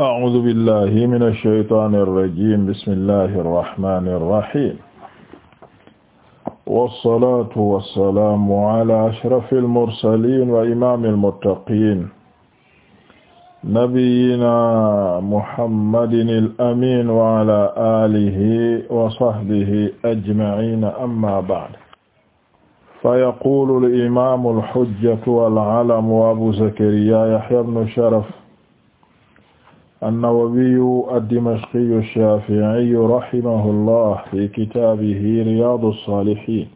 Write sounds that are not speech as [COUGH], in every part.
أعوذ بالله من الشيطان الرجيم بسم الله الرحمن الرحيم والصلاة والسلام على أشرف المرسلين وإمام المتقين نبينا محمد الأمين وعلى آله وصحبه أجمعين أما بعد فيقول الإمام الحجة والعلم أبو زكريا يحيى بن شرف an-Nawawiyu ad-Dimashqiyu ash-Shafi'iyu rahimahullah fi kitaabihi Riyaadu as-Saalihiin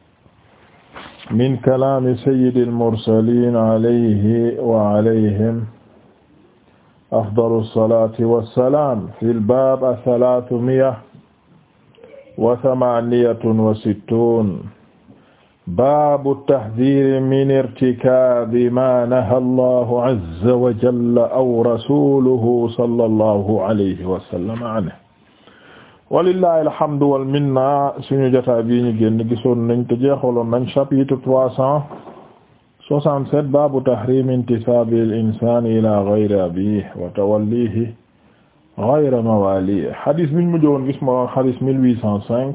min kalaami sayyidi al-mursaliin alayhi wa alayhim afdalu as-salaati was-salaam fi al-baab ath-thalaathumiyatu wa thamaaniyatun wa sittuun baabu tahdiri min irtikaabi maa nahaa allahu azza wa jalla aw rasuluhu sallallahu alayhi wa sallam anhu walillahi alhamdu wal minna suñu jotaay bi ñu génn gisoon nañ te jeexaloon nañ chapitre trois cent soixante-sept baabu tahrimi intisaabi al insaani ilaa ghayri abiihi wa tawallihi ghayra mawaaliihi hadis bi ñu mujj woon gis ma woon hadis mille huit cent cinq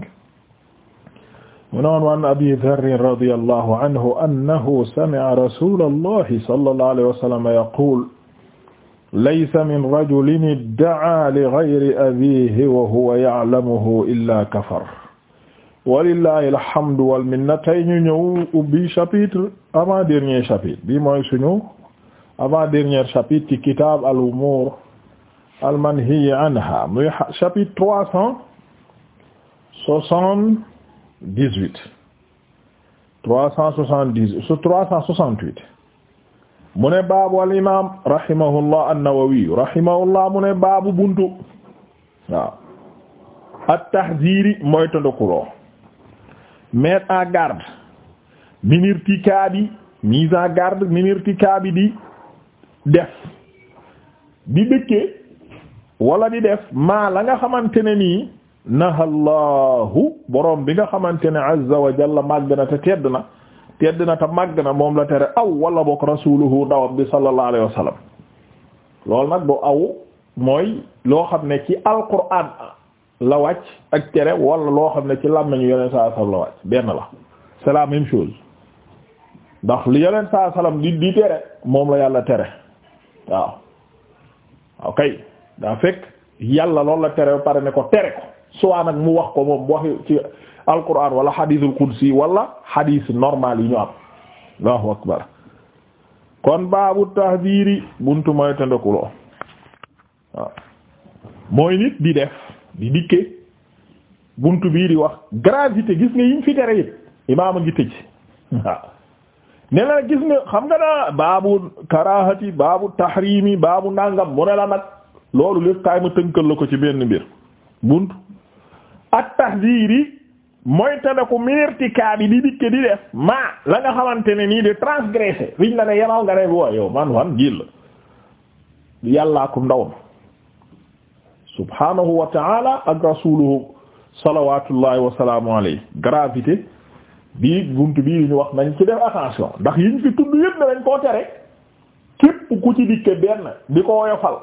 mu ne woon waan abi darrin radiyallahu anhu annahu sami'a rasulallahi sallallahu alayhi wa sallam yaqul laysa min rajulin idda'a li ghayri abiihi wa huwa ya'lamuhu illaa kafar walillahi alhamdu wal minna tey ñu ñëw ubbi chapitre avant dernier chapitre bi mooy suñu avant dernier chapitre ci kitaab al umuur al manhiyyi anha muy chapitre trois cent soixante dix-huit trois cent soixante-dix su trois cent soixante-huit mu ne baabu al imaam rahimahullah an-Nawawi rahimahullah mu ne baabu buntu waaw at-tahziiri mooy tondokuloo mettre en garde minirti kaabi mise en garde minirti kaabi di def di dëkke wala di def maa la nga xamante ne nii nahallahu borom bi nga xamante ne azza wa jalla màgg na te tedd na tedd na te màgg na moom la tere aw wala bokk rasuluhu ndawam bi sallallahu alayhi wa sallam loolu nag bu aw mooy loo xam ne ci alquran la wàcc ak tere wala loo xam ne ci làmmiñu yoneen saa sallam la wàcc benn la c'est la même ndax li yoneen saa sallam di di tere moom la yàlla tere waaw waaw kay daa fekk yàlla loolu la tere ba pare ne ko tere ko soit nag mu wax ko moom waxi ci alquran wala hadithul qudsi wala hadith normal yi ñu am allahu akbar kon baabu tahdiri buntu mooy tendakuloo waaw mooy nit di def di dikke buntu bii di wax gravité gis nga yiñ fi tere yit imaam a ngi tëj waaw ne gis nga xam nga daa baabu karahati baabu tahrimi baabu nangam mu ne la nag loolu lépp kaay ma tënkal la ko ci benn mbir bunt ak tahdiiri mooy tadaku minirtika bi di dikke di def maa la nga xamante ne nii de transgressé liñ la ne yemaw nga ne woo yow man wan gil yàllaa ko ndawam subhanahu wa ta'ala ak rasuluhu salawatullahi wasalaamu alayhi gravité bii buntu bii li wax nañ ci def attention ndax yiñ fi tudd yëpp ne dañ koo tere képp ku dikke benn di ko woyofal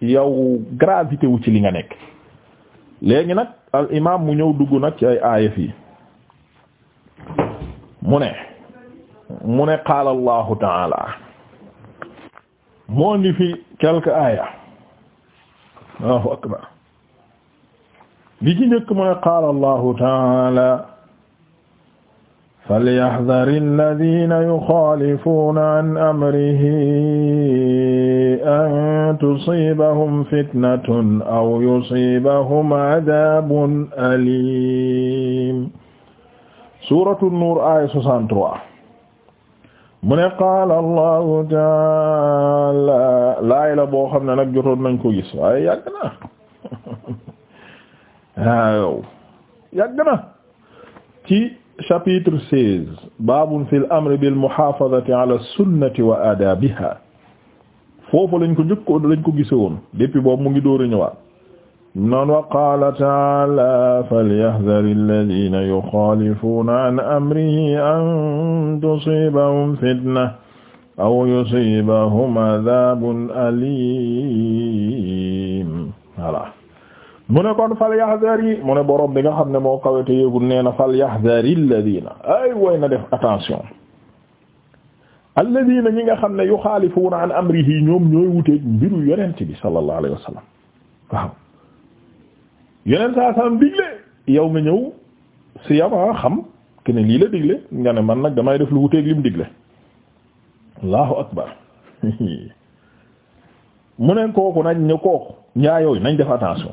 yow gravité wu ci li nga nekk léegi nag al imaam mu ñëw dugg nag ci ay aaya fii mu ne mu ne qaala allahu taala moo ni fi quelques aaya allahu akbar bi ci njëkk mu ne qaala allahu taala falyahdhari alladhina yukhalifuna an amrihi an tusibahum fitnatun aw yusibahum adabun alim suratu nuur aya 63 mu ne qaala allahu taala laay la boo xam ne nag jotoon nañ ko gis waaye yàgg na [LAUGHS] waaw yàgg na ci chapitre seize babun fi l amri bilmuhafadati ala sunnati wa adabiha foofu lañ ko njëkkoon lañ ko gise woon depuis boobu mu ngi dóora ñëwaat noon wa qaala taala falyahdari alladina yuxaalifuuna an amrihi an tusibahum fitna aw yusibahum adabun alim voilà mu ne kon fal yahdari mu ne borom bi nga xam ne moo kawete yéegul nee na fal yahdari alladina ay way na def attention alladina ñi nga xam ne yuxaalifuuna an amrihi ñoom ñooy wuteeg mbiru yonent bi sallallahu alayhi wa sallam waaw yonent saa sallam digle yow nga ñëw si yama xam ke lii la digle nga ne man nag damay def lu wuteeg lim digle allahu akbar [LAUGHS] mu ne kooku nañ ñu kooku ñaa yooyu nañ def attention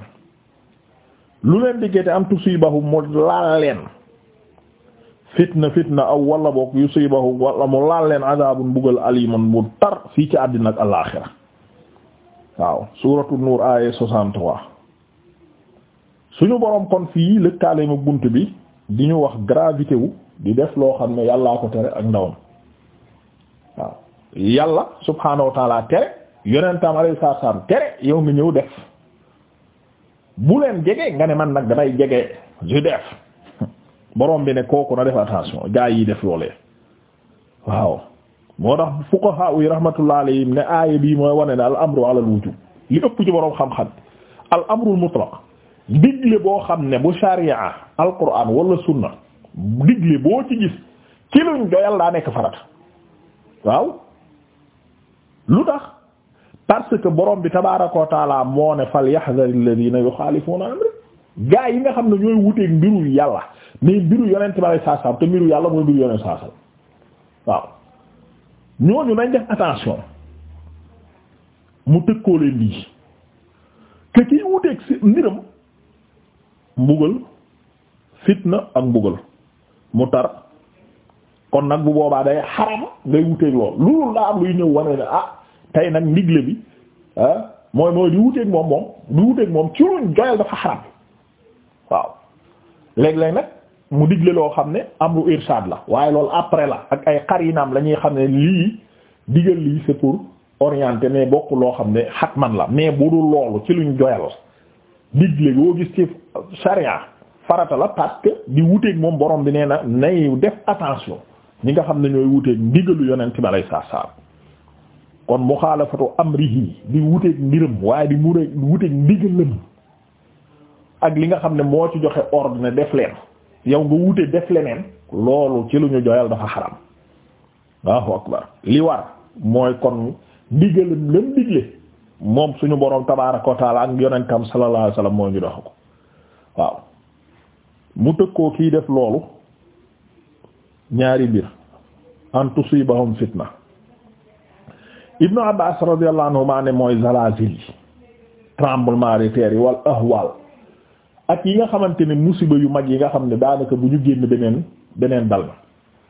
lu leen diggee te am tusibahum mu laal leen fitna fitna aw wala boog yusibahu wala mu laal leen adabun bugal aliman bu tar fii ci àddina ak alaaxira waaw suuratu nuur aaya 63 suñu boroom kon fii lëkkaale ma bunt bi di ñu wax gravité wu di def loo xam ne yàllaa ko tere ak ndawam waaw yàlla subhaanahu wa taala tere yonentam yow nga ñëw def bu leen jege nga ne man nag damay jege je def borom bi ne kooku na def attention gaa yi def loolee waaw moo tax fuqaha yi rahmatullah ne aaya bii mooy wane ne al amru ala al wujub li ëpp ci borom xam-xam al amrul mutlaq digle boo xam ne bu sharia al quraan wala sunna digle boo ci gis ci luñ doyal daa nekk farata waaw lu tax parce que borom bi tabaaraka wa taala moo ne fal yaxdar alladina yuxaalifuuna amri gaa yi nga xam ne ñooy wuteeg mbiru yàlla mais mbiru yonent ba lay te mbiru yàlla mooy mbiru yonent saasam waaw ñooñu nañ def attention mu tëkkoo leen lii que kiy wuteeg si mbiram mbugal fitna ak mbugal mu tar kon nag bu boobaa day xaram ngay wuteeg lool loolu daa am luy ñëw wane ne ah tey nag ndigle bi ah mooy mooy di wuteeg moom moom di wuteeg moom ci luñ joyal dafa xaram waaw léeg-léeg nag mu digle loo xam ne amru irshad la waaye loolu après la ak ay xarinaam la ñuy xam ne lii digal lii c'est orienté orienter mais bokk loo xam ne xatman la mais bu dul loolu ci luñ joyal digle boo gis ci charia farata la parce que di wuteeg moom borom bi nee na nay def attention ñi nga xam ne ñooy wuteeg ndigalu yonent bi alay saa salam kon muxaalafatu amrihi di wuteeg mbiram waaye di muré wuteeg ndigalam ak li nga xam ne moo ci joxe ordre leen yow nga wute def leneen loolu ci lu ñu joyal dafa xaram Allahu akbar li war mooy kon ndigalam lam digle moom suñu boroom tabaaraka wa taala ak yonentam sallallahu alayhi wasallam moo ñu dox ko waaw mu tëkkoo kii def loolu ñaari mbir an tusibahum fitna ibnu abbas radiyallahu anhuma mooy zalazil yi tremblement de yi wal ahwal ak yi nga xamante ne musiba yu mag yi nga xam ne daanaka bu ñu génn beneen beneen dal na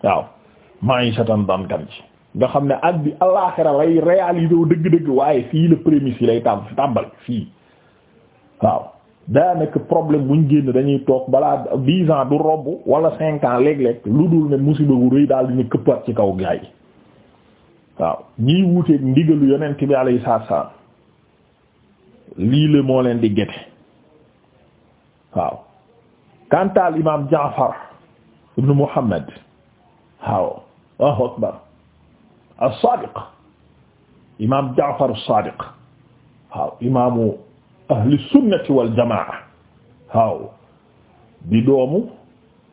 waaw maa ngi satan dankan ci nga xam ne ak bi àllaaxira lay réaliser wu dëgg-dëgg waaye fii la prémices yi lay tàm tàmbal fii waaw daanaka problème bu ñu génn dañuy toog balaa dix ans du romb wala cinq ans léeg-léeg lu dul ne musiba bu rëy daal dina këppat ci kaw gaay yi waaw ñiy wuuteeg ndigalu yonent bi alayhi salaatu salaam lii la moo leen di gete waaw kantaal imam Jaafar ibn Muhammad waaw Allahu akbar as-Sadiq imam Jaafar as-Sadiq waaw imaamu ahli sunnati wal jamaa waaw di doomu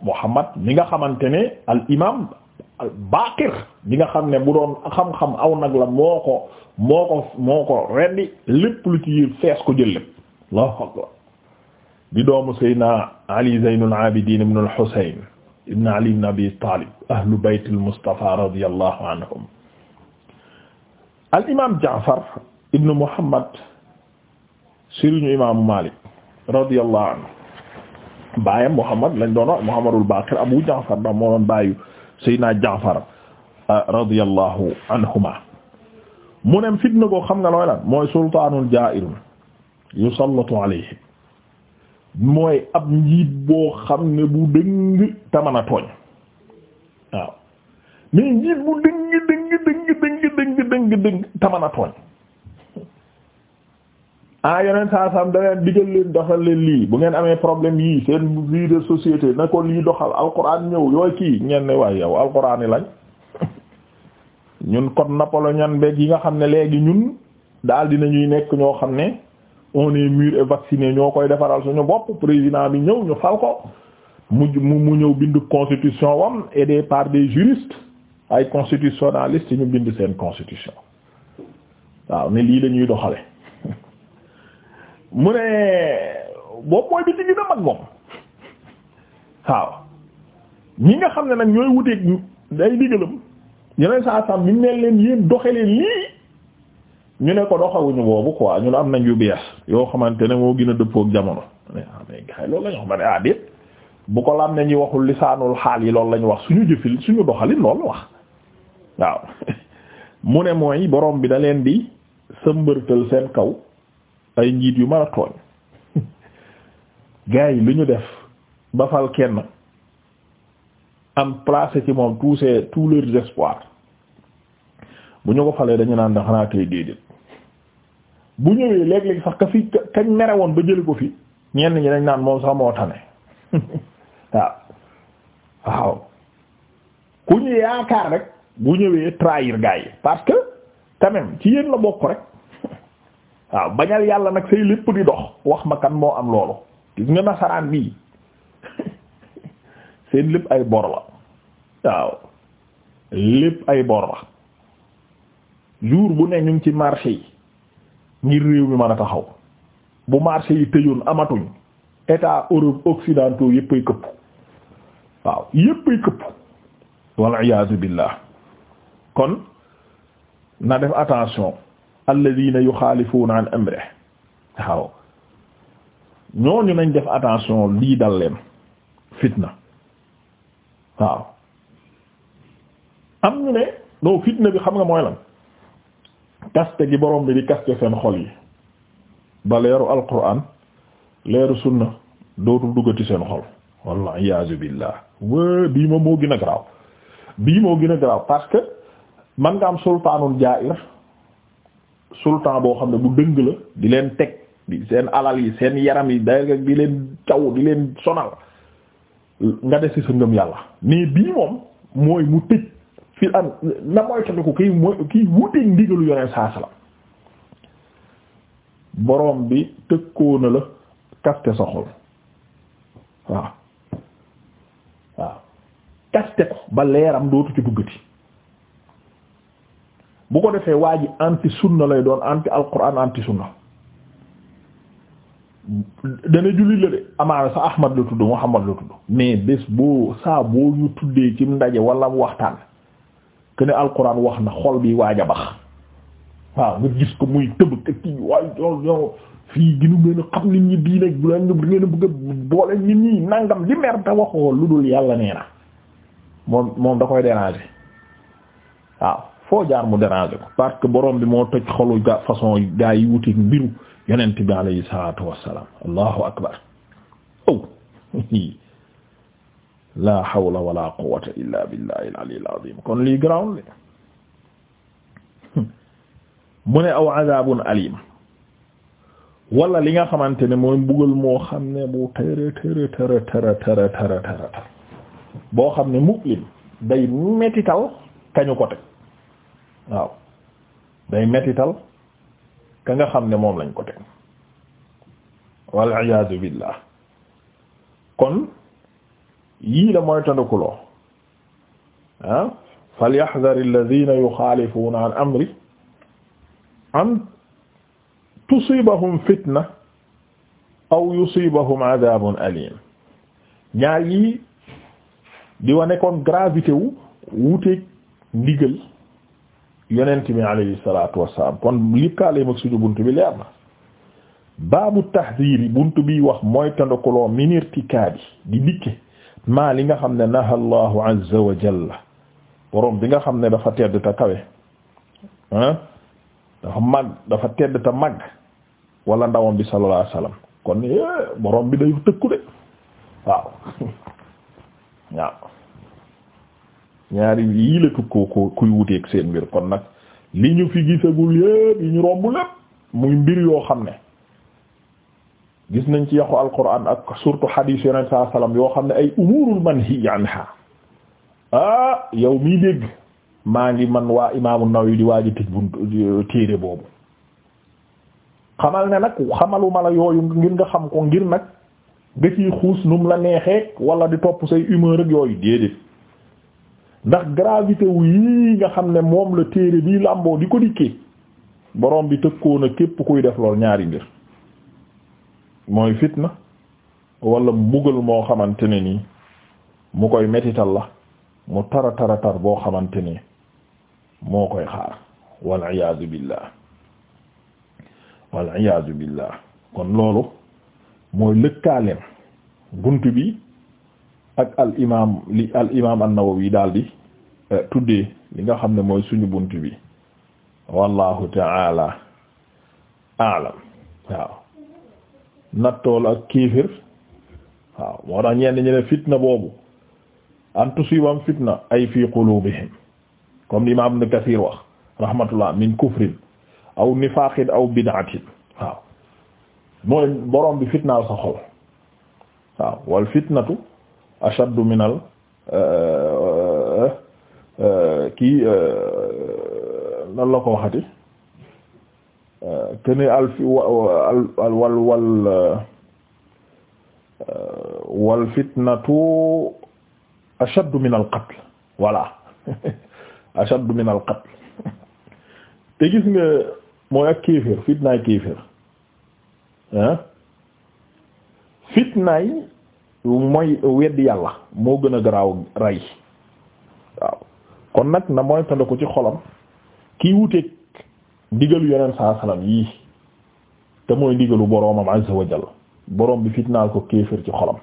Muhammad mi nga xamante ne al imam al Baqir bi nga xam ne bu doon xam-xam aw nag la moo ko moo ko moo ko rendi lépp lu ci yépp fees ko jël lépp Allahu akbar di doomu Seydina Ali Zeynul Abidin ibn al-Husayn ibn Ali ibn Abi Talib ahlu baytil Mustafa radiyallahu anhum al imaam Jaafar ibn Muhammad sëriñu imaamu Malik radiyallahu anhu baayam Muhammad lañ doon wax Muhammadul Baqir Abu Jaafar ndax moo doon baayu Seydina Jaafar ah, radiyallahu anhuma mu ne fitna goo xam nga looy lan mooy sultaanul jaa'irun yusallatu alayhi mooy ab njiit boo xam ne bu dëng te a tooñ waaw mais njiit bu dëng dëng dëng dëng dëng dëng a tooñ ah yeneen saa saam da leen digal leen doxal leen lii bu ngeen amee problème yii seen vie de société na ko lii doxal alxuraan ñëw yooyu kii ngeen ne waaye yow alxuraan yi lañ [LAUGHS] ñun kon napoléonien beeg yi nga xam ne léegi ñun daldi na ñuy nekk ñoo xam ne on est mûr et vacciné ñoo koy defaral suñu bopp président bi ñëw ñu fal ko mu mu ñëw bind constitution wam aidé par des juristes ay constitutionnalistes ñu bind seen constitution waaw ne lii dañuy doxale [LAUGHS] mu ne boobu mooy bi ci gën moom waaw ñi nga xam ne nag ñooy wuteeg ay diggalam yeneen saa sam mi neen leen yéen doxalee lii ñu ne ko doxawuñu boobu quoi ñu ne am nañ yu bees yoo xamante ne moo gën a dëppoo jamono ah, mais gars yi loolu la ñu wax ma ah, bu ko laam ne ñuy waxul lisaanul xaal yi loolu lañu ñu wax suñu jëfil suñu doxalin loolu wax waaw [LAUGHS] mu ne mooy borom bi da leen di sëmbërtal seen kaw ay njiit yu mën a tooñ [LAUGHS] gars yi lu ñu def ba fal kenn am placé ci moom tous ses tous leurs espoirs bu ñu ko falee dañu naan da xanaa kay déedéet bu ñëwee léeg-léeg sax ka fi kañ mere ba jëli ko fi ñenn ñi dañ naan moom sax moo tane [LAUGHS] waaw waaw ku ñu yaakaar rek bu ñëwee trahir gars parce que quand ci yéen la bokk rek [LAUGHS] waaw bañal yàlla nag say lépp di dox wax ma kan moo am loolu gis nga nasaraan bii [LAUGHS] seen lépp ay bor la waaw lépp ay bor la jour bu ne ñu ngi ci marché yi. ngir réew mi mën a taxaw bu marché yi tëjoon amatuñ état Europe occidentaux yëppay këpp waaw yëppay këpp wal iyaadu billah kon na def attention alladina yuxaalifuuna an amre waaw ñooñu nañ def attention lii dal leen fitna waaw am ñu ne no fitna bi xam nga mooy lan kaste gi borom bi di kaste seen xol yi ba leeru alquran leeru sunna dootul duggati seen xol walla iyaazu billah waa bii moom moo gën a garaaw bii moo gën a garaaw parce que man nga am sultaanul jaa'ir sultan boo xam ne bu dëng la di leen teg seen alal yi seen yaram yi day di leen caw di leen sonal nga desi sa ngëm yàlla mais bii moom mooy mu tëj fi am na moytandiku kiy mooy kiy wuteeg ndigalu yoneen saa salaam borom bi tëkkoo na la kaste sa xol waaw waaw kaste ko ba leeram dootu ci duggati bu ko defee waa ji anti sunna lay doon anti alquran anti sunna dana jullit la de amaana sa Ahmad la tudd Muhammad la tudd mais bés boo saa boo tuddee ci ndaje wala waxtaan. que ne alquran wax na xol bi waaj a bax waaw nga gis ko muy tëb ka kii waaye yow fii ginu ngeen a xam nit ñi diine bu leen ngeen a boole nit ñi nangam li mer waxoo lu dul yàlla nee na moom moom da koy déranger waaw foo jaar mu déranger ko parce que borom bi moo toj xolu ga façon gaa yi wuti mbiru yonent bi alayhi salaatu wassalaam allahu akbar oh [LAUGHS] la hawla wala quwwata illa billahi al-aliyyil azim kon lii garaw li [LAUGHS] mu ne aw azabun alim wala li nga xamante ne mooy mbugal moo xam ne bu tëra tëra tëra tëra tëra tëra tëra boo xam ne muklim day metital kañu ko teg waaw day metital ka nga xam ne moom lañ ko teg wal iyaazu billah kon yii la mooy tandakuloo ah falyahdhar alladhina yukhalifuna an amri an tusibahum fitna aw yusibahum adhabun alim ñaar yii di wane kon gravité wu wuuteeg ndigal yonent bi alayhi salatu wassalam kon lipkaale mag suñu bunt bi leer na baabu tahdhiri bunt bi wax mooy tandakuloo minirtikaabi di dikke maa li nga xam ne naha allahu azza wa jalla borom bi nga xam ne dafa tedd ta kawe ah dafa mag dafa tedd te mag wala ndawam bi sallallahu alayhi wasallam kon eh, borom bi day tëkku de waaw [LAUGHS] waaw ñaari yii la tukkoo ko kuy wuteeg seen mbir kon nag li ñu fi gisagul yépp yi ñu romb lépp muy mbir yoo xam ne gis nañ ci yàqu alquran ak surtout hadith yoo xam ne ay umurul manhi anha ah yow mii dégg maa ngi man waa imaamu Nawawi di waa ji bu téere boobu xamal ne nag xamaluma la yooyu ngir nga xam ko ngir nag nga ciy xuus num la neexee wala di topp say humeur ak yooyu déedéet ndax gravité wu yii nga xam ne moom la téere bii làmboo di ko dikkee borom bi tëkkoon na képp kuy def lool ñaari mbir. mooy fitna wala bugal moo xamante ne nii mu koy metital la mu tara tara tar boo xamante ne moo koy xaar wal iyaazu billah wal iyaazu billah kon loolu mooy lëkkaaleem bunt bi ak al imaam li al imaam daal di eh, tuddee li nga xam ne mooy suñu bunt bi wallahu ta'ala a'lam waaw nattool ak kiifir waaw moo tax ñenn ñi fitna boobu an tusibam fitna ay fi qulubihim li l'imam Ibn Kathir wax rahmatullah min kufrin aw nifaqin aw bid'atin waaw mooy borom bi fitnaal sa xol waaw wal fitnatu ashaddu minal euh, euh, euh, kii nan la ko waxati kene alfi wal wal uh, uh, wal fitnatu ashaddu min al qatl voilà [LAUGHS] ashaddu min al qatl [LAUGHS] te gis nga mooy ak kéefër fitnaay kéefër ah fitnaay mooy weddi yàlla moo gën a garaaw rey waaw kon nag na mooy tënd ko ci xolam kii wuteeg ndigalu yeneen saa salaam yii te mooy ndigalu boroomam azza wa boroom bi fitnaal ko kéefër ci xolam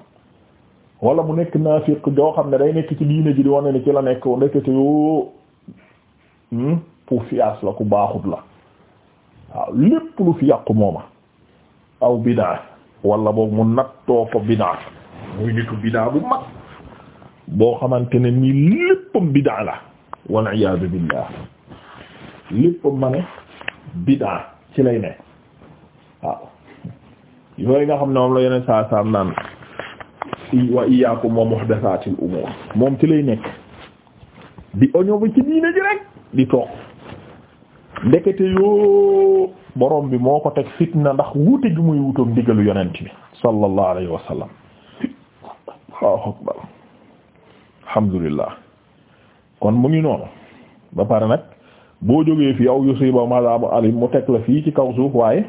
wala mu nekk naafiq doo xam ne day nekk ci diine ji di wane ne ci la nekk ndekete yoo pour hmm, fias la ku baaxut la waaw lépp lu fi yàqu mooma aw bidaa wala boog mu nattoo ko bidaa muy nitu bidaa bu mag boo xamante ne nii léppam bidaa la wal iyaadu billah léppam ma ne bid'a ci lay ne waaw yooyu nga xam ne moom la yeneen saa saam naan wa iyyakum wa muhdathatil umur moom ci lay nekk di oño bi ci diine ji rek di toog ndekete yoo borom bi moo ko teg fit na ndax wuute gi muy wutoom diggalu yonent bi sallallahu alayhi wa sallam waaw akbar alhamdulillah kon mu ngi noonu ba pare nag boo jógee fi aw yusiba madabu alim mu teg la fii ci kaw suuf waaye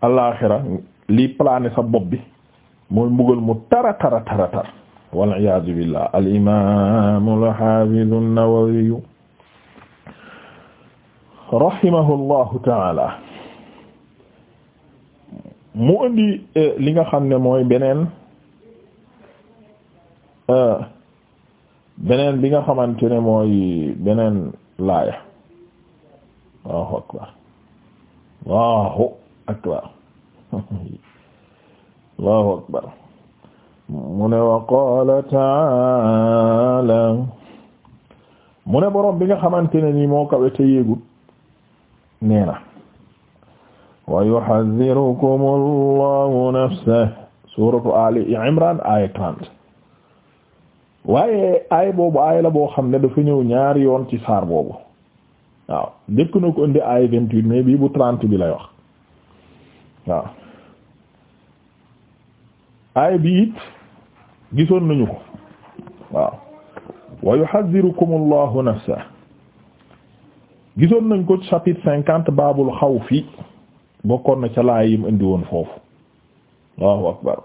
alaaxira li plané sa bopp bi mooy mbugal mu tara tara tara tar wal iyaazu billah al imaam al haafiz an-Nawawi rahimahullahu mu indi eh, li nga xam ne mooy beneen eh, beneen bi nga xamante ne mooy beneen laaya Allahu akbar Allahu akbar Allahu akbar mu ne wa qaala ta'aala mu ne boroom bi nga xamante ne nii moo kawe te yéegul nee na wa yuhadhirukum Allahu nafsahu suuratu Ali Imran aaya 30 waaye aaya boobu aaya la boo xam ne dafa ñëw ñaari yoon ci saar boobu waaw njëkk na ko indi ay vingt-huit bii bu trent bi lay wax waaw ay bi it gisoon nañu ko waaw wa yuhadhirukum allahu nafsa gisoon nañ ko chapitre cinquante baabul xaw xawfi bokkoon na ca laay yim indi woon foofu allahu akbar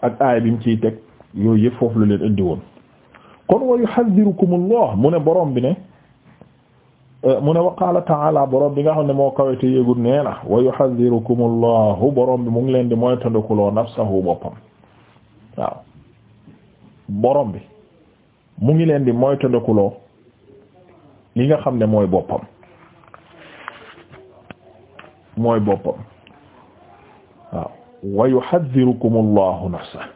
ak aay bi mu ciy teg yooyu yëpp foofu la leen indi woon kon wa yuhadhirukum allah mu ne borom bi ne Euh, mu ne wa qaala ta'ala borom bi nga xam ne moo kawete yéegul nee na wa yuhadhirukum allahu borom bi mu ngi leen di mooy tandakuloo nafsahu boppam waaw borom bi mu ngi leen di mooy tandakuloo li nga xam ne mooy boppam mooy boppam waaw wa yuhadhirukum allahu nafsahu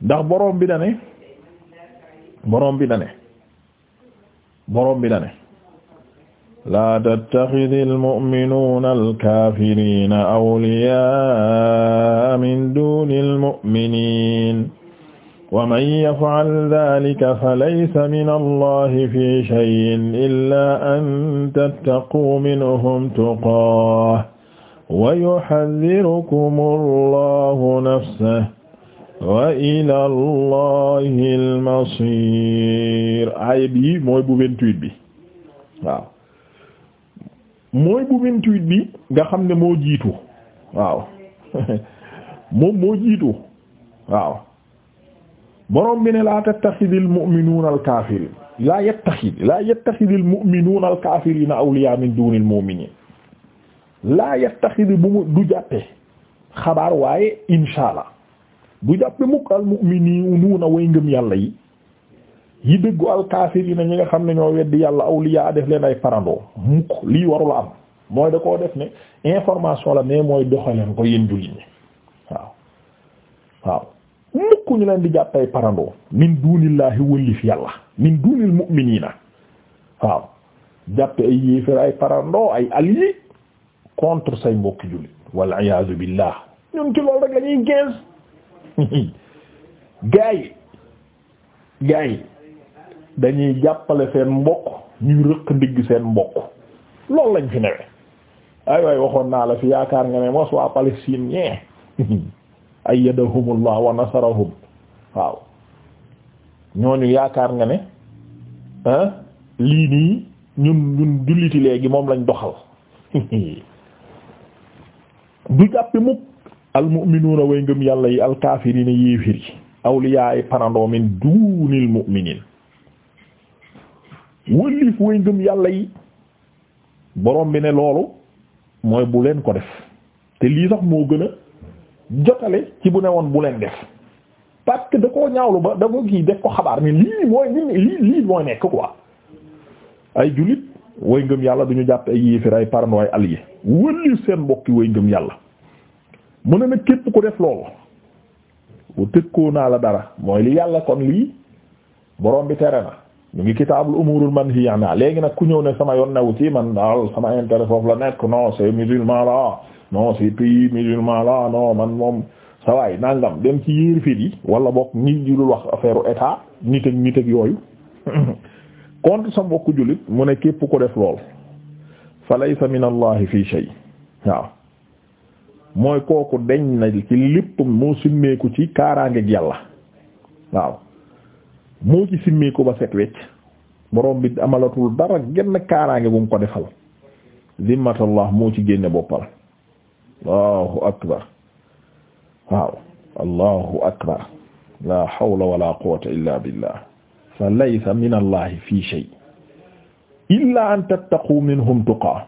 ndax borom bi dane borom bi dane borom bi na ne laa tattaxidi almuminuuna alkafirina awliyaa min duni almuminin wa man yafcal dalika falaysa min allahi fi shayin illa an tattaquu minhum tuqaah wa yuxadirukum allahu nafsahu wa ila allahi almasir aaya bi mooy bu vingt-huit bi waaw mooy bu vingt-huit bi nga xam ne moo jiitu waaw [LAUGHS] moom moo jiitu waaw borom bi ne laa tattaxidil mu'minuuna alkaafiriin laa yattaxid laa yattaxidil awliyaa min duunil mu'miniin laa yattaxidi bu du jàppe xabaar waaye inshaa Allah bu jàppe mukk al mu'minuuna way ngëm yàlla yi yi dëggu al kaafiriina ñi nga xam ne ñoo weddi yàlla awliyaa def leen ay parandoo mukk lii warula am mooy da koo def ne information la mais mooy leen ko yéen jullit ñi waaw waaw mukk ñu leen di jàppay parandoo min duunillaahi wëllif yàlla min duunil mu'miniina waaw jàppe ay yéeféer ay parandoo ay alliés contre say mbokki jullit wal iyaazu billah ñun ci loolu rek lañuy gis [LAUGHS] gaa yi gaa yi dañuy jàppale seen mbokk ñuy rëq ndigg seen mbokk loolu lañ fi newee ay waay waxoon naa la fi yaakaar nga ne mos waa Palestine ñee [LAUGHS] ayyadahumullah wa nasarahum waaw ñooñu yaakaar nga ne ah, lii nii ñun ñun julliti léegi moom lañ doxal [LAUGHS] du jàppi mukk almu'minuuna way ngëm yàlla yi alkaafiriina yéefir yi awliyaay ay min duunil mu'miniin wëllif way ngëm yàlla yi borom bi ne loolu mooy bu leen ko def te lii sax moo gën a jotale ci bu ne woon bu leen def parce que da koo ñaawlu ba da ko kii def ko xabaar ni lii mooy lii lii mooy nekk quoi ay jullit way ngëm yàlla duñu jàpp ay yéefir ay parandoo ay alliés wëllif seen mbokki way ngëm yàlla mu ne nag képp ku def loolu bu tëkkoo naa la dara mooy li yàlla kon lii borom bi tere na ñu ngi kitaabul umurul manhiya naa léegi nag ku ñëw ne sama yoon newu ci man daal sama intérêt foofu la nekk non c'est musulman là non c'est pays musulman là non man moom sa waay nangam dem ci yéer fit yi wala bokk ñi julul wax affaire état nit ak nit ak yooyu [COUGHS] contre sa mbokku jullit mu ne képp ko def lool fa laysa min allahi fii shay waaw mooy kooku deñ na ci lépp moo simmeeku ci kaaraangeeg yàlla waaw moo ci ba set wecc borom bi amalatul dara genn kaaraange bu mu ko defal zimmatallah moo ci génne boppal allahu akbar waaw allahu akbar la hawla wala quwwata illa billah fa laysa min allahi fii shay illa an tattaqu minhum tuqaa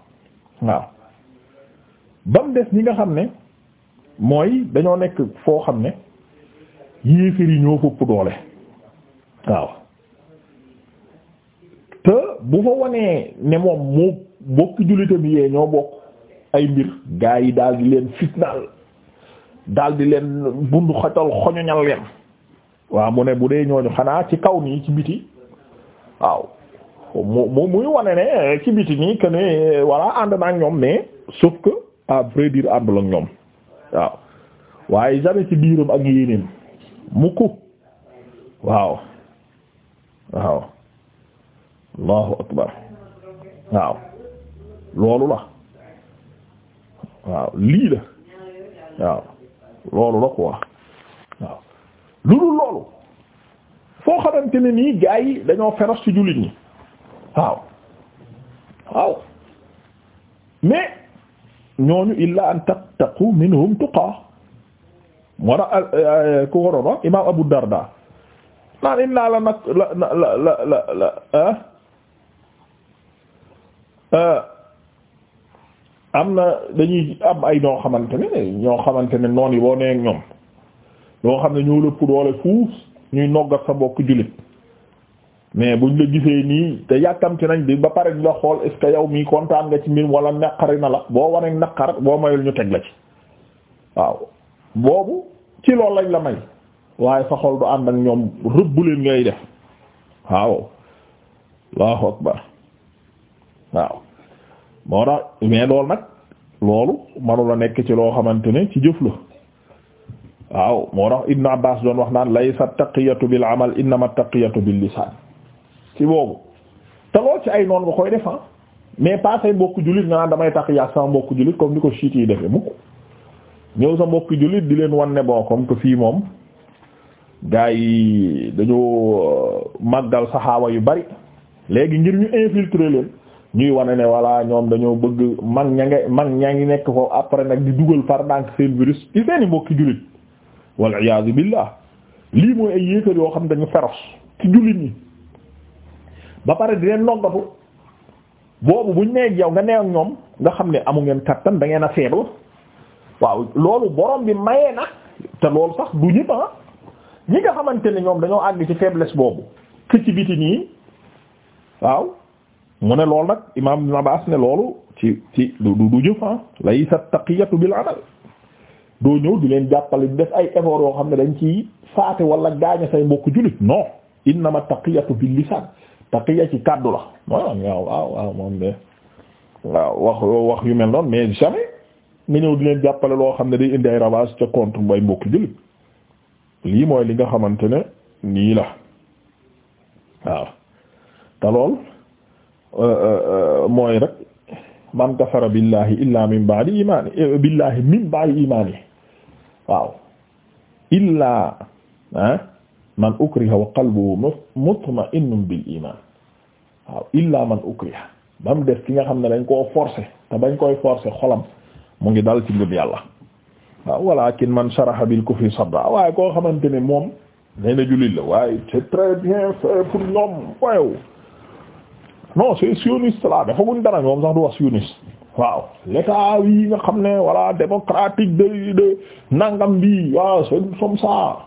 mu des ñi nga xam ne mooy dañoo nekk foo xam ne yéeféer yi ñoo fëpp doole waaw te bu fa wanee ne moom moo bokk jullitam yee ñoo bokk ay mbir gaa yi dal di leen fitnaal daal di leen bundu xatal xoñoñal leen waaw mu ne bu dee ñooñu xanaa ci kaw nii ci biti waaw mu muy wane ne ci biti nii que ne voilà ànd naa ñoom mais sauf que à vrai dire àndul ak ñoom waaw waaye jamais ci biiram ak yéenéem mukk waaw waaw allahu akbar waaw loolu la waaw lii la waaw loolu la quoi waaw lu dul loolu foo xamante ne nii gaa yi dañoo féroce ci jullit ñi waaw waaw mais ñooñu illa an tattaqu minhum tuqaa moo tax euh, euh, ku waroon imaam Abu Darda naan inna la nag la la la la ah, ah, am na dañuy am ay ñoo xamante ne ñoo xamante ne noon yi boo nee ñoom loo xam ne ñoo lëpp doole fuuf ñuy noggat sa bokk jullit mais buñ la gisee nii te yàkkamti nañ bi ba pare di la xool est ce yow mii kontaan nga ci mbir wala naqari na la boo waneeg naqar boo mayul ñu teg la ci waaw boobu ci loolu lañ la may waaye sa xol du ànd ak ñoom rëbb leen ngay def waaw allahu akbar waaw moo tax mais loolu nag loolu manula nekk ci loo xamante ne ci jëf la waaw moo tax Ibn Abbas doon wax naan laysa taqiyatu bil amal ma taqiyatu bil lisaan ci boobu te lool ci ay noon nga koy defan ah. mais pas say mbokk jullit nga damay tax yaag sama mbokk jullit comme ni ko chiites yi defe mukk ñëw sa mbokk jullit di leen wan ne bon comme fii moom gaa yi dañoo euh, màggal saxaaba yu bari léegi ngir ñu infiltrer leen ñuy wane ne voilà ñoom dañoo bëgg mag ña nga mag ña ngi nekk ko après nag di dugal par dank seen virus i seeni mbokki jullit wal iyaazu billah lii mooy ay yéefar yoo xam ne dañu féroce ci jullit ñi ba pare di leen noggatu boobu buñ nee yow nga nee ñoom nga xam ne amu ngeen kattan da ngeen a faible waaw loolu borom bi mayee na te loolu sax du ñëpp ah ñi nga xamante ne ñoom dañoo àgg ci faiblesse boobu këcc ci biti nii waaw mu ne loolu nag imaam Ibn Abbas ne loolu ci ci du du jëf ah laysa taqiyatu bil amal doo ñëw di leen jàppale di def ay effort yoo xam ne dañ ci faate wala gaañ say mbokk jullit non innama taqiyatu bil lisan taqiya ci kaddu la waaw waaw waaw moom de waaw wax wax yu mel noonu mais jamais nga ñëw di leen jàppale loo xam ne day indi ay ca contre bay mbokki jullit lii mooy li nga xamante ne nii la waaw te lool euh, euh, mooy rek man kafara billahi illa min ba'di imaani euh, billahi min ba'di imaani waaw illa man ukriha wa qalbuhu mutma'innun bil iman waaw man ukriha ba def ki nga xam ne dañ koo forcer te bañ koy forcer xolam mu ngi dal ci ngëm yàlla waaw walakin man sharaha bil kufri sadra waaye koo xamante ne moom nee na la waaye c'est très bien fait pour ñoom waaye non c'est sioniste là dafa dara ñoom sax du wax sioniste nga xam ne voilà démocratique de de nangam bi waaw c'est comme ça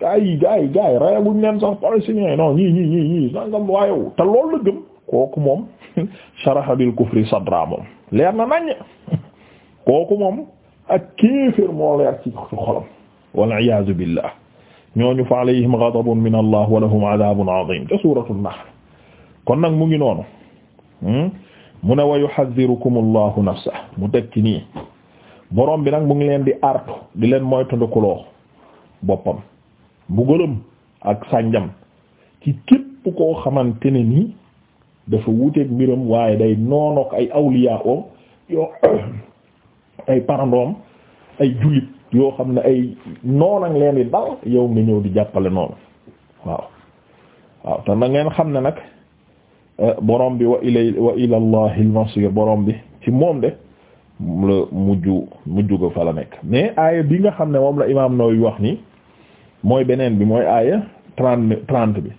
gars yi gars yi gars yi rayaguñ leen sax palestiniens non ñii ñii ñii ñii nangam waayow te loolu la gëm kooku moom [LAUGHS] sharaha bil kufri sadra moom leer na naññ [LAUGHS] kooku moom ak kéefër moo leer ci xolam wal iyaazu billah ñooñu fa alayhim ghadabun min allah wa lahum adabun azim te suratu nahl kon nag mu ngi noonu hmm? mu ne wa yuhadhirukum allahu nafsa mu teg ci nii borom bi nag mu ngi leen di artu di leen moytandikuloo boppam mbugalam ak sànjam ci képp koo xamante ne nii dafa wuteeg mbiram waaye day noonook ay awliya om yoo [COUGHS] ay parandoom ay jullit yoo xam ne ay noonak leen di dal yow nga ñëw di jàppale noonu waaw te na ngeen xam ne nag eh, borom bi wa ilay wa ilallahi al-masir borom bi ci moom de la mujj mujj ga fa la nekk mais aaya bi nga xam ne moom la imaam Nawawi wax ni mooy beneen bi mooy aaya trente trente bi